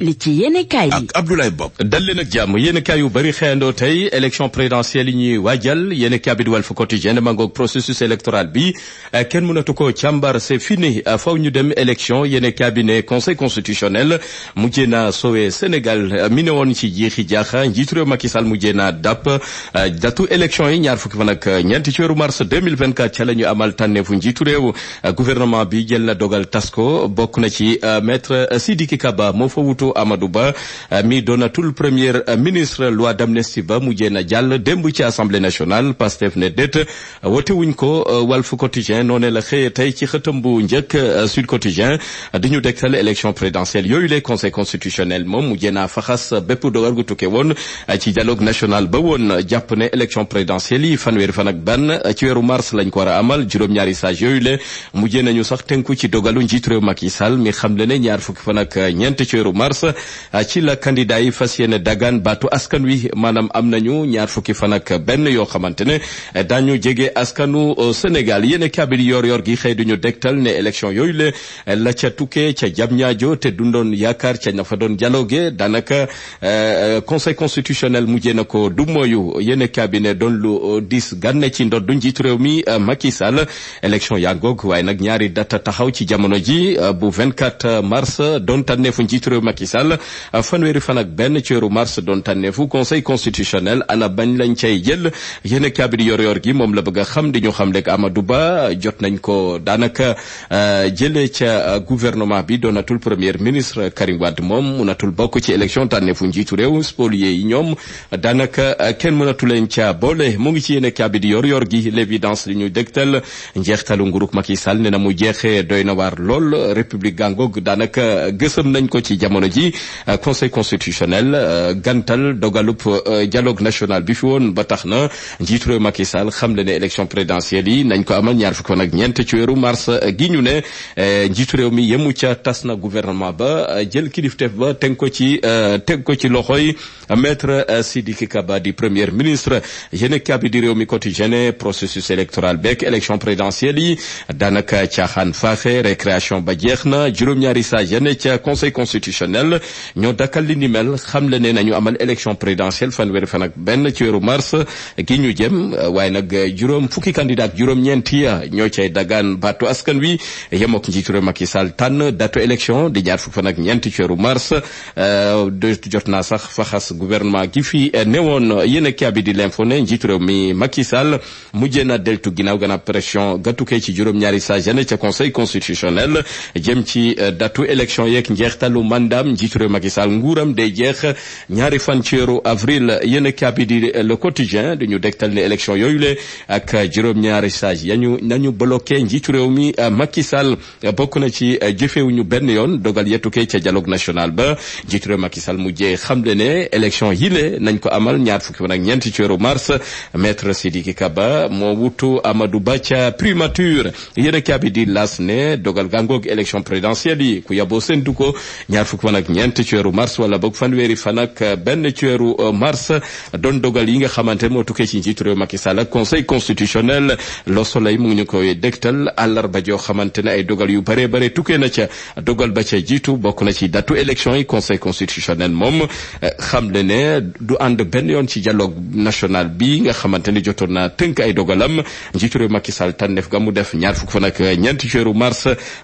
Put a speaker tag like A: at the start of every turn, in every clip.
A: li ci yéenekaay yi. ak Abdoulaye Bob. dal leen ak jàmm yéenekaay yu bari xeendoo tey élection présidentielle yi ñuy waajal yéenekaay bi di Walf Quotidien mangoog processus électoral bi eh, kenn ko càmbar c'est fini eh, ñu dem élection yéenekaay bi ne conseil constitutionnel mujjee naa sowe Sénégal eh, mi ne woon ci jeexi jaaxa njiitu réew Macky Sall mujjee naa dàpp datu élection yi ñaar fukki fan ak ñeenti ci weeru mars 2024 ca la ñu amal tànneefu njiitu réew gouvernement bi jël na dogal tas ko bokk na ci maître Sidiki Kaba moo fa wutu njiitu Amadou Ba euh, mi doonatul premier euh, ministre loi d'amnistie ba mujjee na jàll démb ci assemblée nationale Pastef ne déet wote wuñ ko euh, Walf Quotidien noonee la xëyee tey ci xëtam bu njëkk Sud Quotidien di ñu dégtal élection présidentielle yooyu les conseil constitutionnel moom mujjee na faxas bépp dogal gu tukkee woon ci dialogue national ba woon jàpp ne élection présidentielle yi fanweeri fan ak ban ci weeru mars lañ ko war a amal juróom-ñaari sage yooyu le mujjee nañu sax tënku mars ah, ci la candidat yi fas yéene dagaan baatu askan wi maanaam am nañu ñaar fukki fan ak benn yoo xamante ne eh, daañu jege askanu oh, Sénégal yéen a kaabili yor yor gi xëy duñu dektal ne élection yooyu la eh, la ca tukkee ca jam ñaajo te dundoon yaakaar ca ña fa doon dialogue daanaka eh, conseil constitutionnel mujjee na ko du mooyu yéen a kaabine doon lu oh, dis gànne ci ndodd du njiitu réew mi Macky Sall élection yaa ngoog waaye nag ñaari data taxaw ci jamono ji bu 24 mars doon tànneefu njiitu réew Macky Macky Sall fanweeri fan ak benn ci weeru mars doon tànneefu conseil constitutionnel ana bañ lañ cay jël yéen a kaabiri yor yor gi moom la bëgg a xam di ñu xam leeg Amadou Ba jot nañ ko daanaka euh, jëlee ca euh, gouvernement bi doonatul premier ministre Karim moom mënatul bokk ci élection tànneefu njiitu rew spolié yi ñoom daanaka euh, kenn mënatu leen ca boole mu ngi ci yéen a kaabiri yor yor gi l'évidence li ñu dégtal njeextalu nguurug Macky Sall ne na mu jeexee doy na waar lool république gàngoog daanaka gësëm nañ ko ci jamono ji euh, conseil constitutionnel euh, gantal dogalub euh, dialogue national bi fi woon ba tax na njiitu réew Macky Sall xam le ne élection présidentielle yi nañ ko amal ñaar fukki fan ak ñeent ci weeru mars gi ñu ne njiitu réew mi yemu ca tas na gouvernement ba jël kilifteef ba teg ko ci teg ko ci loxoy maître Sidiki Kaba di premier ministre yéen kabi di réew mi quotidien processus électoral beeg élection présidentielle yi daanaka caaxaan faaxe récréation ba jeex na juróom-ñaari saa yene ca Sénégal ñoo dakkal li xam le ne nañu amal élection présidentielle fanweeri fan ak benn ci weeru mars gi ñu jëm waaye nag juróom fukki candidat ak juróom-ñeent ñoo cay dagaan baatu askan wi yem ak njiitu réew Macky Sall tànn datu élection di ñaar fukki fan ak ñeent ci mars euh, de jot na sax faxas gouvernement gi fi newoon yéen a kii bi di l'info ne njiitu réew mi Macky Sall mujjee na deltu ginnaaw gannaaw pression gatu tukkee ci juróom-ñaari saa yene ca conseil constitutionnel jëm ci euh, datu élection yeeg njeextalu mandam njiitu réew Macky Sall nguuram day jeex ñaari fan ci weeru avril yéen kabi di le quotidien di ñu dégtal ne élection yooyu le ak juróom-ñaari sage yañu nañu bloqué njiitu réew mi Macky Sall bokk na ci jëfewuñu benn yoon dogal yetukee ca dialogue national ba njiitu réew Macky Sall mujjee xamle ne élection yi le nañ ko amal ñaar fukki fan ak ñeenti ci weeru mars maître Sidiki Kaba moo wutu Amadou Ba ca primature yéen kabi di las ne dogal gàngoog élection présidentielle yi ku yaboo ak ñeent ci weeru mars wala boog fanweeri fan ak euh, benn ci weeru euh, mars doon dogal yi nga xamante moo tukkee ci njiitu réew Macky Sall ak conseil constitutionnel Le Soleil mu ngi ñu koy dégtal àllarba joo xamante ne ay dogal yu bare bare tukkee na ca dogal ba ca jiitu bokk na ci datu élection yi conseil constitutionnel moom euh, xam le ne du ànd benn yoon ci dialogue national bi nga xamante ne jotoon naa tënk ay dogalam njiitu réew Macky Sall tànneef ga mu def ñaar fukk fan ak ñeent ci weeru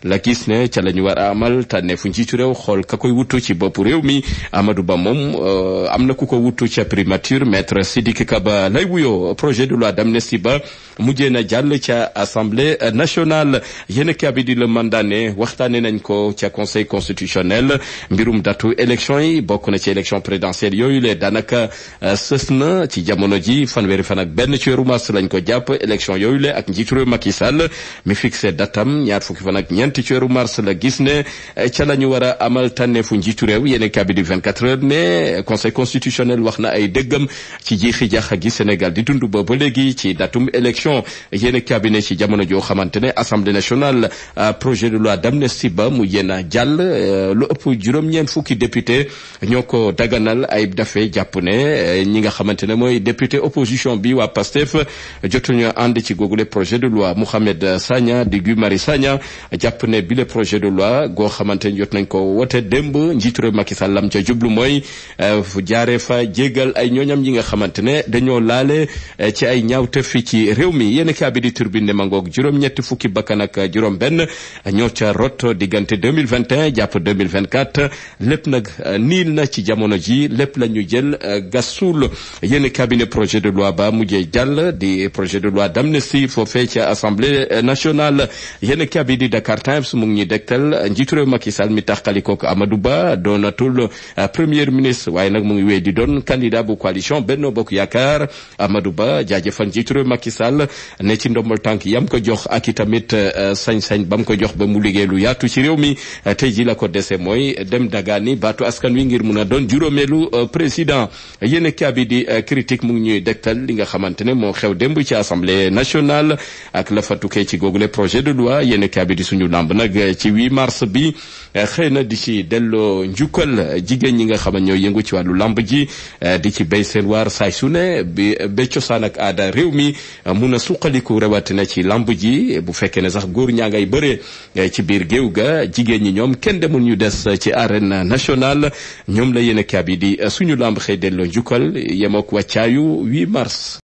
A: la gis la ñu war a amal tànneefu xool ka koy wut wutu ci bopp réew mi Amadou Ba moom euh, am na ku ko wutu ca primature maître Sidiki Kaba lay wuyoo projet de loi d'amnistie ba mujjee na jàll ca assemblée nationale yéen kabi di le mandat ne waxtaanee nañ ko ca conseil constitutionnel mbirum datu élection yi bokk na ci élection présidentielle yooyu le daanaka euh, sës na ci jamono ji fanweeri fan ak benn ci weeru mars lañ ko jàpp élection yooyu le ak njiitu réew Macky Sall mi fixé datam ñaar fukki fan ak ñeent ci weeru mars la gis euh, ca la ñu amal tànneef yelleefu njiitu réew yéene kabi di 24 heures ne conseil constitutionnel wax na ay dëggam ci jiixi jaxa gi Sénégal di dund ba ba léegi ci datum élection yéene kabi ne ci jamono joo xamante ne assemblée nationale euh, projet de loi d'amnistie ba mu yéena jàll euh, lu ëpp juróom-ñeent fukki député ñoo ko daganal ay dafee jàpp ne euh, ñi nga xamante ne mooy député opposition bi waa PASTEF jotuñu ànd ci googule projet de loi Mouhamed Sagna di Guy Marius Sagna bile projet de loi goo xamante ne jot nañ ko wote démb njiitu réew Macky Sall lam ca jublu mooy euh, fu jaaree fa jégal ay ñooñam yi nga xamante ne dañoo laale euh, ci ay ñaawte fi ci réew mi yéen a bi di turbine mangoog juróom-ñetti fukki bakkan ak juróom-benn ñoo ca rot diggante 2021 jàpp 2024 lépp nag euh, niil na ci jamono ji lépp la ñu jël gasul yéen cabinet projet de loi ba mujjee jàll di projet de loi d'amnistie foofee ca assemblée nationale yéen cabinet di Dakar Times mu ngi ñuy dektal njiitu réew Macky Sall mi taxalikook Amadou Ba doonatul euh, premier ministre waaye nag mu ngi wéy di doon candidat bu coalition Benno Bokk Yaakaar Amadou Ba jaajëfal njiitu réew Macky Sall ne ci ndombal tànk yam ko jox ak i tamit euh, sañ-sañ ba mu ko jox ba mu liggéey lu yaatu ci réew mi euh, tey ji la ko dese mooy dem ni baatu askan wi ngir mun a doon juróomeelu président yéen kaabi di critique mu ngi ñuy dektal li nga xamante ne moo xew demb ci assemblée national ak la fa tukkee ci googule projet de loi yéen kaabi suñu lamb nag ci 8 mars bi xëy di njukkal jigéen ñi nga xam ñoo ñooy yëngu ci wàllu lamb ji eh, di ci béy seen waar saay su ne bi ba cosaan ak aada réew mi eh, mun a suqaliku rawatina ci làmb ji bu fekkee ne sax góor ñaa ngay bëree eh, ci biir géew ga jigéen ñi ñoom kenn demul ñu des ci arène nationale ñoom la yéen a yi di suñu làmb xëy delloo njukkal yemook wàccaayu mars